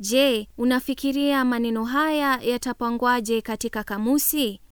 Je, unafikiria maneno haya yatapangwaje katika kamusi?